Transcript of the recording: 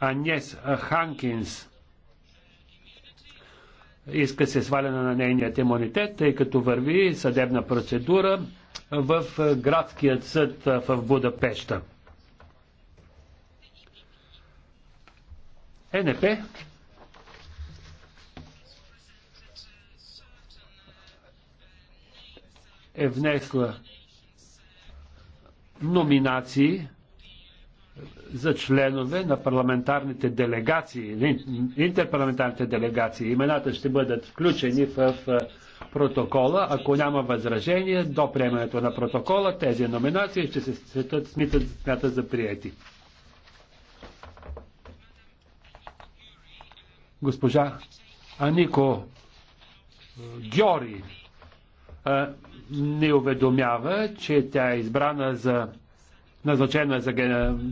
Анес Ханкинс. Иска се сваляне на нейният имунитет, тъй като върви съдебна процедура в е, градският съд е, в Будапешта. Е, НП е внесла номинации за членове на парламентарните делегации, интерпарламентарните делегации. Имената ще бъдат включени в протокола. Ако няма възражение до приемането на протокола, тези номинации ще се светат, смитат, смятат за приети. Госпожа Анико е, Гьори не уведомява, че тя е избрана за назначена за